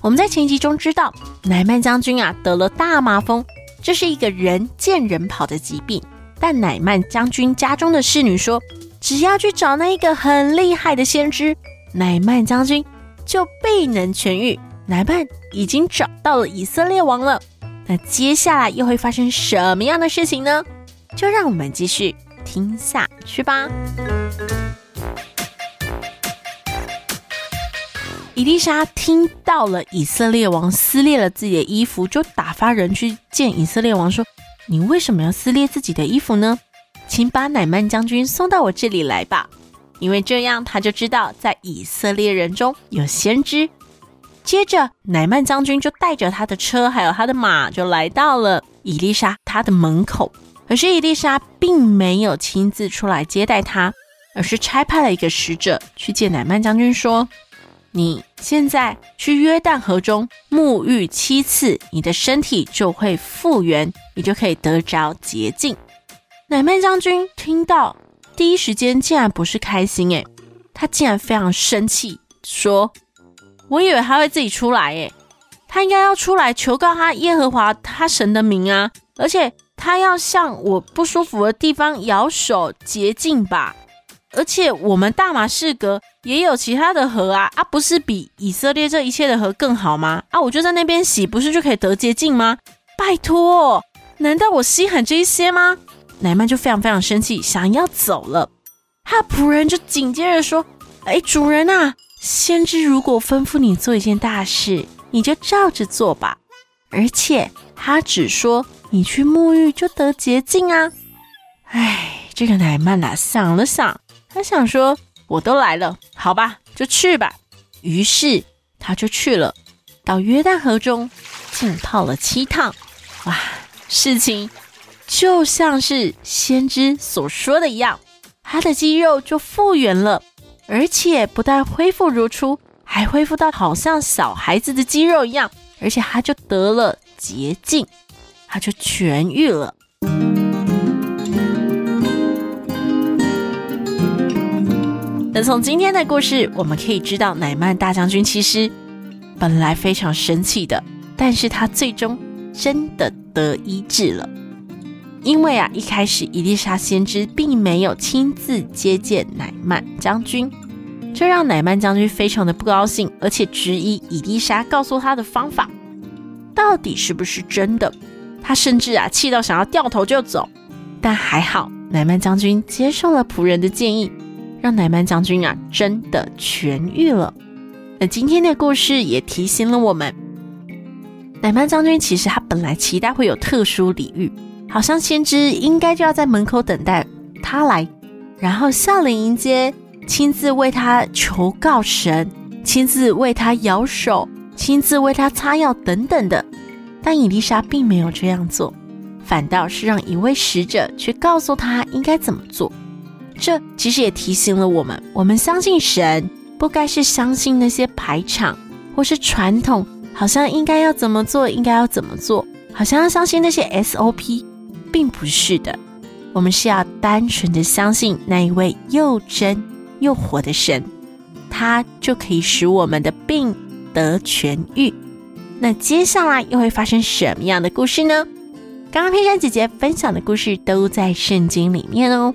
我們在前集中知道，乃縵將軍啊得了大麻風，這是一個人見人跑的疾病。但乃縵將軍家中的侍女說，只要去找那一個很厲害的先知，乃縵將軍就必能痊癒。乃縵已經找到了以色列王了，那接下來又會發生什麼樣的事情呢？就讓我們繼續聽下去吧。以利沙聽到了以色列王撕裂了自己的衣服，就打發人去見以色列王，說：“你為什麼要撕裂自己的衣服呢？請把乃縵將軍送到我這裡來吧，因為這樣他就知道在以色列人中有先知。”接着，乃縵將軍就帶着他的車還有他的馬，就來到了以利沙他的門口。可是以利沙並沒有親自出來接待他，而是差派了一個使者去見乃縵將軍，說。你現在去約旦河中沐浴七次，你的身體就會復原，你就可以得着潔淨。乃縵將軍聽到第一時間竟然不是開心誒，他竟然非常生氣，說：“我以為他會自己出來哎，他應該要出來求告他耶和華他神的名啊，而且他要向我不舒服的地方搖手潔淨吧。”而且我們大馬士革也有其他的河啊，啊，不是比以色列這一切的河更好嗎？啊，我就在那邊洗，不是就可以得潔淨嗎？拜托，難道我稀罕這一些嗎？乃縵就非常非常生氣，想要走了。他僕人就緊接着說：“哎，主人啊，先知如果吩咐你做一件大事，你就照着做吧。而且他只說你去沐浴就得潔淨啊。”哎，這個乃縵啊，想了想。他想說：“我都來了，好吧，就去吧。”於是他就去了，到約旦河中浸泡了七趟。哇，事情就像是先知所說的一樣，他的肌肉就復原了，而且不但恢復如初，還恢復到好像小孩子的肌肉一樣，而且他就得了潔淨，他就痊愈了。從今天的故事，我們可以知道，乃縵大將軍其實本來非常生氣的，但是他最終真的得醫治了。因為啊，一開始以利沙先知並沒有親自接見乃縵將軍，這讓乃縵將軍非常的不高興，而且質疑以利沙告訴他的方法到底是不是真的。他甚至啊，氣到想要掉頭就走，但還好，乃縵將軍接受了僕人的建議。乃縵將軍啊，真的痊癒了。那今天的故事也提醒了我們，乃縵將軍其實他本來期待會有特殊禮遇，好像先知應該就要在門口等待他來，然後笑臉迎接，親自為他求告神，親自為他搖手，親自為他擦藥等等的。但以利沙並沒有這樣做，反倒是讓一位使者去告訴他應該怎麼做。這其實也提醒了我們，我們相信神，不該是相信那些排場或是傳統，好像應該要怎麼做，應該要怎麼做，好像要相信那些 SOP，並不是的。我們是要單純的相信那一位又真又活的神，他就可以使我們的病得痊癒。那接下來又會發生什麼樣的故事呢？剛剛佩珊姐姐分享的故事都在聖經裡面哦。